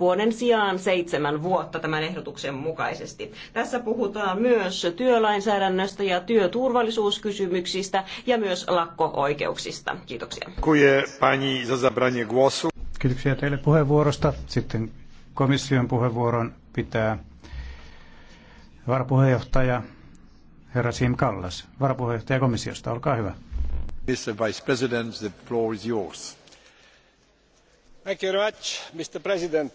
vuoden sijaan seitsemän vuotta tämän ehdotuksen mukaisesti. Tässä puhutaan myös työlainsäädännöstä ja työturvallisuuskysymyksistä ja myös lakko-oikeuksista. Kiitoksia. Kiitoksia teille puheenvuorosta. Sitten komission puheenvuoron pitää varapuheenjohtaja herra Sim Kallas. Varapuheenjohtaja komissiosta, olkaa hyvä. Mr. Vice President, the floor is yours mr president